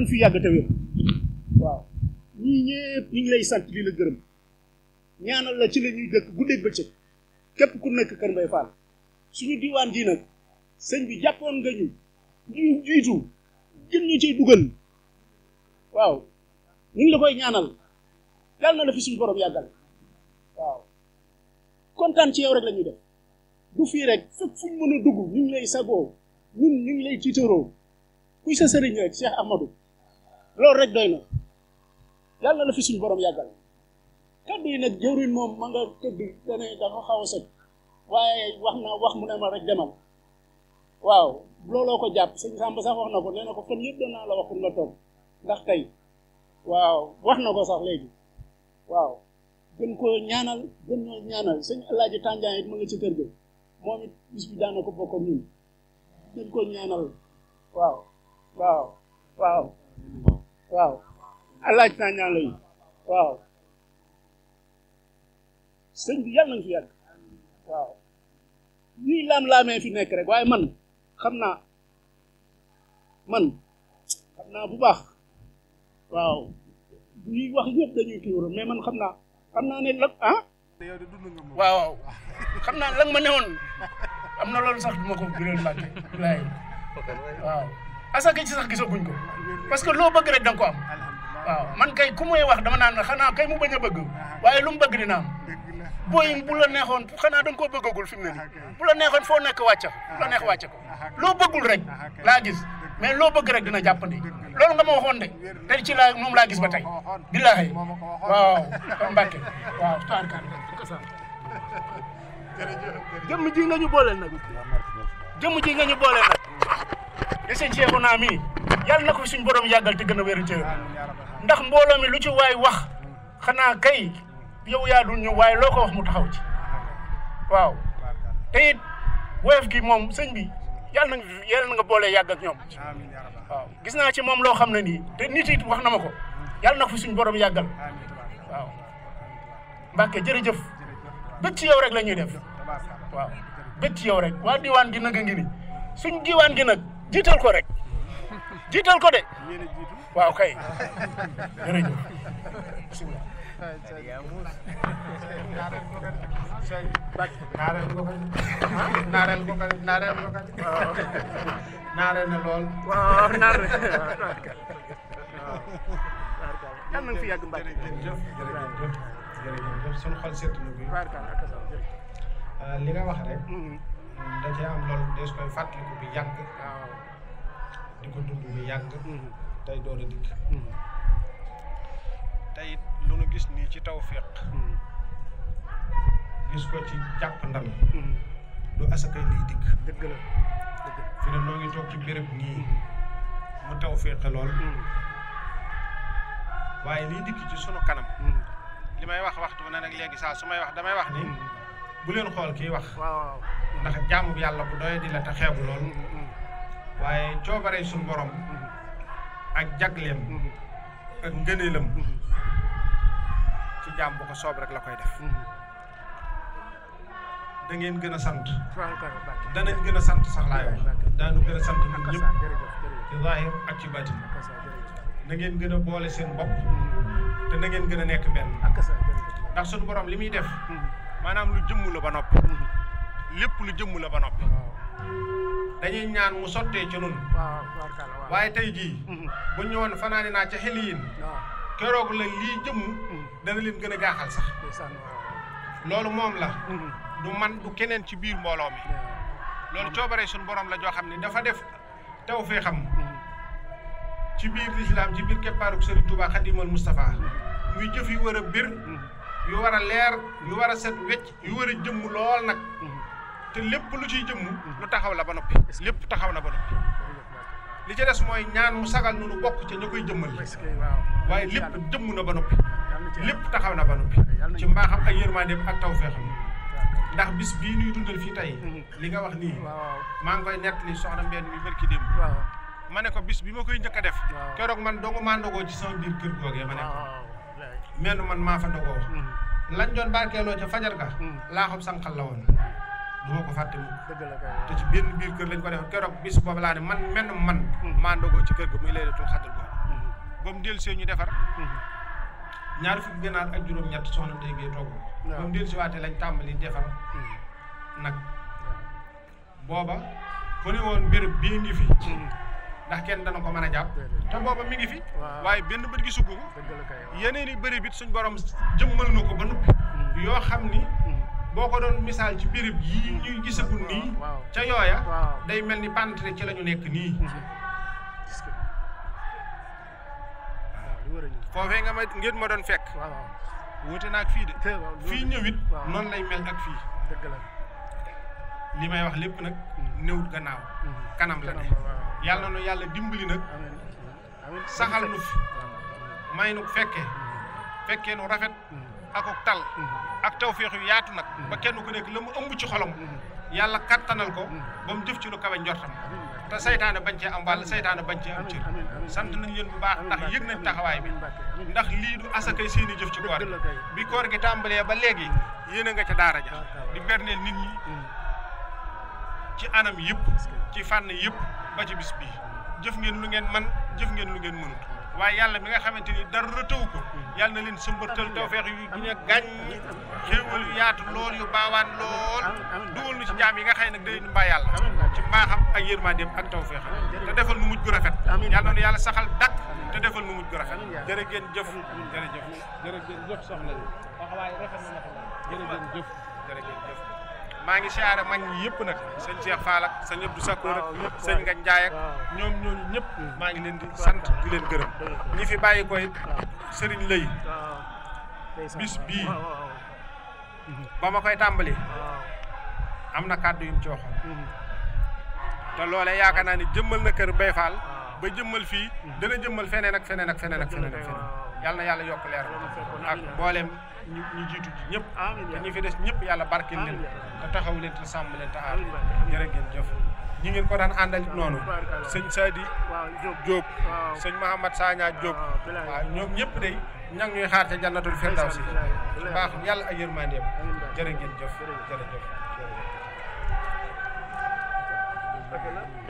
nañ ñu ngi lay sant di la gërëm ñaanal la ci la ñuy dëkk guddeeg bëccëg képp ku nekk Kër Mbaye Fall suñu diwaan ji nag sëñ bi jàppoon nga ñu ñu jiitu gën ñu ciy dugal waaw ñu ngi la koy ñaanal yàlla na la fi suñu borom yàggal waaw kontaan ci yow rek lañuy ñuy def du fii rek fépp fu ñu mën dugg ñu lay sagoo ñun ñu ngi lay tiitaroo kuy sa sëriñ rek Cheikh Ahmadou loolu rek doy na yàlla la fi suñu boroom yàggal kaddu yi nag jëwriñ moom ma nga tëdd dafa xaw a sëg waaye wax na wax mu ne ma rek demal waaw looloo ko jàpp sëñ Samba sax wax na ko nee na ko fan yëpp doon la wax ndax tey waaw wax na ko sax léegi waaw gën koo ñaanal gën ñoo ñaanal sëñ Alaaji Tànjaan it ma nga ci kër ga moom it bis ko bokk ak gën koo ñaanal waaw waaw waaw waaw alaaj naa ñaan la yi waaw sëñ bi yàlla fi yàgg waaw ñuy laam-laamee fi nekk rek waaye man xam naa man xam naa bu baax waaw ñuy wax ñëpp dañuy kii mais man xam naa xam naa ne lan ah waaw xam naa lan ma newoon am na loolu sax duma ko gëréel mbàkke laay waaw asaka ci sax gisaguñ ko parce que loo bëgg rek da ko am waaw man kay ku may wax dama naan xanaa kay mu bañ a bëgg waaye lu mu bëgg dina am booy bu la neexoon xanaa da nga koo bëggagul fi mu bu la neexoon foo nekk wàcce bu la neex wàcce ko loo bëggul rek laa mais loo bëgg rek dina jàppandi loolu nga ma waxoon de tey ci laa moom laa gis ba tey billaahi waaw kon Mbàkke waaw taarkaan jëmm ji nga ñu booleel nag jëmm ji nga ñu booleel nag di sëñ Cheikhouna mi yàlla na ko fi suñ borom yàggal te gën a wér ndax mbooloo lu ci waay wax xanaa kay yow yaa dul ñëw waaye loo ko wax mu taxaw ci waaw te it woyof gi moom sëñ bi yàlla na yàlla na nga boolee yàgg ak ñoom waaw gis naa ci moom loo xam ne nii te nit it wax na ma ko yàlla na ko fi suñ boroom yàggal waaw Mbàkke jërëjëf bët ci yow rek la ñuy def waaw bët ci yow rek waa diwaan gi nag a ngi ni suñ diwaan gi nag jiital ko rek jiital ko de waaw kay jërëjëf bisimilah naareel nga ko naareel nga ko naareel nga ko naareel na lool waaw naareel yàlla na nga fi yàgg mbaa jërëjëf jërëjëf jërëjëf suñu xol seetlu bi li nga wax rek da cee am loolu des koy fàttaliku bi yàgg. di ko dund bi yàgg. Mm-hmm. tey door a dikk. Mm-hmm. tey lu nu gis nii ci taw tawféq. Mm-hmm. gis ko ci jàpp ndam. du asakay liy dikk. dëgg la fi ne noo ngi toog ci béréb nii mu tawféq lool. waaye liy dikk ci sunu kanam. li may wax waxtu na nag léegi saa su may wax damay wax ni. bu leen xool kiy wax. ndax jaamu yalla bu doye di la te xeebu lool mm-hmm. waaye coobare sun borom mm-hmm. ak jaglem mm-hmm. ak ngeeneelam ci jaam bu ko soob rek la koy def da ngeen gëna sant da nañ gëna sant sax la wax da gën gëna sant ñun ñëpp ci zahir ak ci batin na ngeen gëna boole seen bop te na ngeen gëna nekk ben ndax sun borom limi def manam lu jëm lu ba noppi lépp lu jëmm la ba noppi. ñaan mu sottee ci nun waaye tey jii. Mm-hmm. bu ñëwoon fanaani naa ca xel keroog la lii jëmm mm-hmm. dana leen gën a gaaxal sax. loolu moom la. Mm-hmm. du man du keneen ci biir mbooloo mi. loolu coobare sun borom la joo xam ne dafa def te fee xam. ci biir lislaam ci biir keppaaruk Serigne Touba Xadimal Moustapha. muy jëf yu wër a bir. yu war a leer yu war a set wecc yu war a jëmm lool nag. te lepp lu ci jëm lu taxaw la ba noppi lepp taxaw na ba noppi li ci dess moy ñaan mu sagal nu nu bokk ca ñu jëmmal waye lepp jëm na ba noppi lepp taxaw na ba noppi ci mbaxam ak yermande ak tawfexam ndax bis bi ñuy dundal fi tay li nga wax ni ma ngoy net ni soxna mbéd mi barki dem mané ko bis bi ma koy ñëk def kérok man do nga mandogo ci sama bir kër gogé mané ko man ma fa ndogoo mm-hmm. lañ doon lo ci fajar ga mm-hmm. la xam sankal la won du ko fàtte ci benn biir kër lañ ko def keroog bis boobu laa ne man menn man hmm. maa ndogoo ci kër ga muy laylatul xadr boobu hmm. ba mu dellu see ñu defar hmm. ñaari fukki ganaar ak juróom ñett soxna day gee togg mu dellu si waate lañ tàmbali defar nag booba ku ne woon mbir bii ngi fi ndax kenn dana ko mën a jàpp te booba mi ngi fi waaye benn bët gi sukk ko yeneen i bëri bit suñ borom jëmmal na ko ba noppi yoo xam ni boo ko doon misaal ci béréb yi ñuy gisagul nii ca yooya day mel ni pantre ci la ñu nekk nii foofee nga ma ngeen ma doon fekk wute naag fii de fii ñëwit noonu lay mel ak fii li may wax lépp nag mm. néewut gannaaw mm. kanam la ne yàlla nu yàlla dimbali nag saxal nu fi may nu fekke mm. fekkee nu rafet akuk tal mm-hmm. ak tawféex yu yaatu nag mm-hmm. ba kenn ku nekk la mu ëmb ci xolom mm-hmm. yàlla kattanal ko ba mu jëf ci lu kawe njortam te saytaane bañ cee am wàll saytaane bañ cee am cër sant nañ leen bu baax ndax yëg nañ taxawaay bi ndax lii du asakay seeni jëf ci koor bi koor gi tàmbalee ba léegi yéene nga ca daara ja di berneel nit ñi ci anam yëpp ci fànn yëpp ba ci bis bii jëf ngeen lu ngeen man jëf ngeen lu ngeen mënut waaye yàlla mi nga xamante ni dara tëw ko yàlla na leen sëmbatal tawfeex yu ñu gàññ xéewal yu yaatu lool yu baawaan lool dugal nu ci jaam yi nga xëy nag day mbaa yàlla ci mbaaxam ak yërmandeem ak tawfeex te defal nu mujj gu rafet yàlla na yàlla saxal dakk te defal nu mujj gu rafet jërë ngeen jëf jërëjëf jërë ngeen na jëf maa ngi siyaare mañ ñi yëpp nag sëñ Cheikh Fall ak sëñ Abdou Sakkoor ak nga Njaay ak ñoom ñooñu ñëpp mm. maa ngi leen di sant di leen gërëm mm. ñi fi bàyyi ko it sëriñ lay bis bii mm-hmm. ba ma koy tàmbali am na kàddu yu mu ci mm-hmm. te loolee yaakaar naa ni jëmmal na kër Baye Fall ba jëmmal fii mm-hmm. dana jëmmal feneen ak feneen ak feneen ak feneen yàlla na yàlla yokk leer ak mboolem ñu ñu jiitu ji ñëpp te fi des ñëpp yàlla barkeel leen te taxaw leen te sàmm leen te aar ngeen jëf ñi ngeen ko daan àndal noonu sëñ Sadi Diop sëñ Mouhamad Sagna Diop waaw ñoom ñëpp day ña ngi ñuy xaar ca jannatul firdawsi baax yàlla ak yërmandeem jërë ngeen jëf jërëjëf